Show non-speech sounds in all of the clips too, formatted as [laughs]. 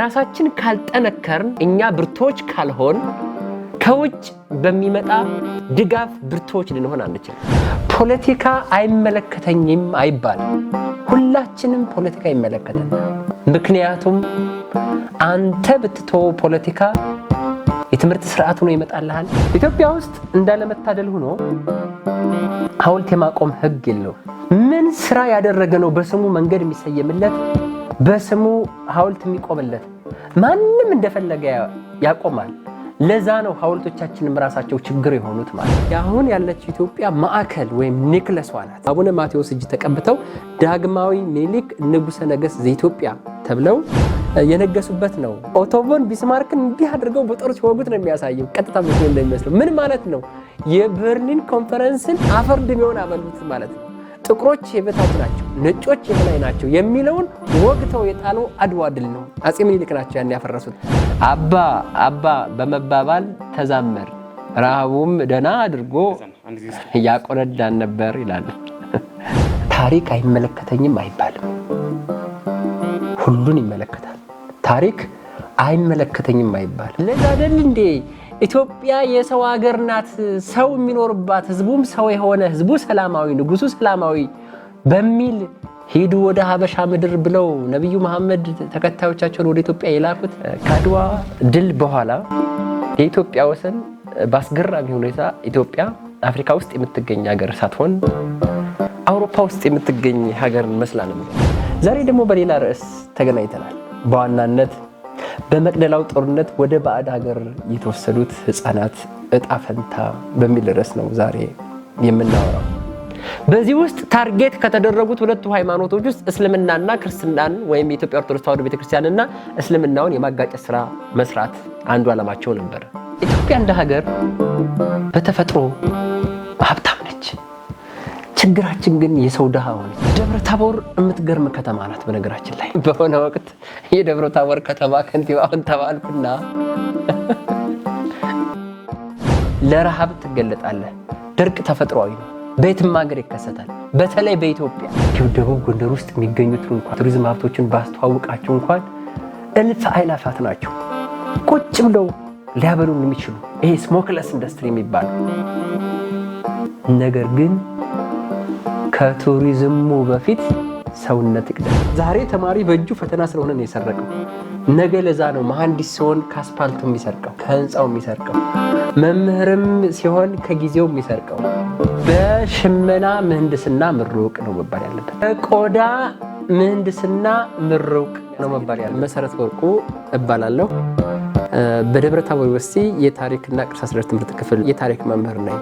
ራሳችን ካልጠነከርን፣ እኛ ብርቶች ካልሆን ከውጭ በሚመጣ ድጋፍ ብርቶች ልንሆን አንችል። ፖለቲካ አይመለከተኝም አይባልም። ሁላችንም ፖለቲካ ይመለከተን። ምክንያቱም አንተ ብትቶ ፖለቲካ የትምህርት ስርዓት ሆኖ ይመጣልሃል። ኢትዮጵያ ውስጥ እንዳለመታደል ሆኖ ሐውልት የማቆም ህግ የለው። ምን ስራ ያደረገ ነው በስሙ መንገድ የሚሰየምለት? በስሙ ሐውልት የሚቆምለት ማንም እንደፈለገ ያቆማል። ለዛ ነው ሐውልቶቻችንም ራሳቸው ችግር የሆኑት ማለት። አሁን ያለችው ኢትዮጵያ ማዕከል ወይም ኒክለሷ ናት። አቡነ ማቴዎስ እጅ ተቀብተው ዳግማዊ ምኒልክ ንጉሠ ነገሥት ዘኢትዮጵያ ተብለው የነገሱበት ነው። ኦቶቮን ቢስማርክን እንዲህ አድርገው በጦር ሲወጉት ነው የሚያሳየው። ቀጥታ ምስል እንደሚመስለው ምን ማለት ነው? የበርሊን ኮንፈረንስን አፈር ድሜውን አበሉት ማለት ነው። ጥቁሮች የበታች ናቸው፣ ነጮች የበላይ ናቸው የሚለውን ወግተው የጣለው አድዋ ድል ነው። አፄ ምኒልክ ናቸው ያን ያፈረሱት። አባ አባ በመባባል ተዛመር ረሃቡም ደና አድርጎ ያቆነዳን ነበር ይላል። ታሪክ አይመለከተኝም አይባልም፣ ሁሉን ይመለከታል። ታሪክ አይመለከተኝም አይባልም። ለዛ አይደል እንዴ ኢትዮጵያ የሰው ሀገር ናት። ሰው የሚኖርባት ህዝቡም ሰው የሆነ ህዝቡ ሰላማዊ፣ ንጉሱ ሰላማዊ በሚል ሂዱ ወደ ሀበሻ ምድር ብለው ነቢዩ መሐመድ ተከታዮቻቸውን ወደ ኢትዮጵያ የላኩት ከአድዋ ድል በኋላ የኢትዮጵያ ወሰን በአስገራሚ ሁኔታ ኢትዮጵያ አፍሪካ ውስጥ የምትገኝ ሀገር ሳትሆን አውሮፓ ውስጥ የምትገኝ ሀገር መስላ ነበር። ዛሬ ደግሞ በሌላ ርዕስ ተገናኝተናል በዋናነት በመቅደላው ጦርነት ወደ ባዕድ ሀገር የተወሰዱት ህፃናት እጣ ፈንታ በሚል ርዕስ ነው ዛሬ የምናወራው። በዚህ ውስጥ ታርጌት ከተደረጉት ሁለቱ ሃይማኖቶች ውስጥ እስልምናና ክርስትናን ወይም የኢትዮጵያ ኦርቶዶክስ ተዋሕዶ ቤተክርስቲያንና እስልምናውን የማጋጨት ስራ መስራት አንዱ ዓላማቸው ነበር። ኢትዮጵያ እንደ ሀገር በተፈጥሮ ችግራችን ግን የሰው ድሃ ሆነ። ደብረ ታቦር የምትገርም ከተማ ናት። በነገራችን ላይ በሆነ ወቅት የደብረ ታቦር ከተማ ከንቲባውን ተባልኩና [laughs] ለረሃብ ትገለጣለህ። ድርቅ ተፈጥሯዊ ነው፣ በየትም ሀገር ይከሰታል። በተለይ በኢትዮጵያ ደቡብ ጎንደር ውስጥ የሚገኙትን እንኳን ቱሪዝም ሀብቶችን ባስተዋውቃቸው እንኳን እልፍ አይላፋት ናቸው ቁጭ ብለው ሊያበሉን የሚችሉ ይሄ ስሞክለስ ኢንዱስትሪ የሚባለው ነገር ግን ከቱሪዝሙ በፊት ሰውነት ይቅደም። ዛሬ ተማሪ በእጁ ፈተና ስለሆነ ነው የሰረቀው። ነገ ለዛ ነው መሐንዲስ ሲሆን ከአስፓልቱ የሚሰርቀው፣ ከህንፃው የሚሰርቀው፣ መምህርም ሲሆን ከጊዜው የሚሰርቀው። በሽመና ምህንድስና ምሩቅ ነው መባል ያለበት። በቆዳ ምህንድስና ምሩቅ ነው መባል ያለ መሰረት ወርቁ እባላለሁ። በደብረ ታቦር ዩኒቨርሲቲ የታሪክና ቅርስ አስተዳደር ትምህርት ክፍል የታሪክ መምህር ነኝ።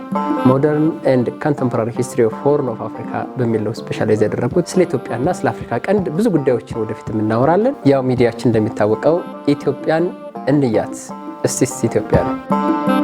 ሞደርን ኤንድ ካንተምፖራሪ ሂስትሪ ኦፍ ሆርን ኦፍ አፍሪካ በሚለው ስፔሻላይዝ ያደረጉት ስለ ኢትዮጵያና ስለ አፍሪካ ቀንድ ብዙ ጉዳዮችን ወደፊት እናወራለን። ያው ሚዲያችን እንደሚታወቀው ኢትዮጵያን እንያት፣ እስቲስ ኢትዮጵያ ነው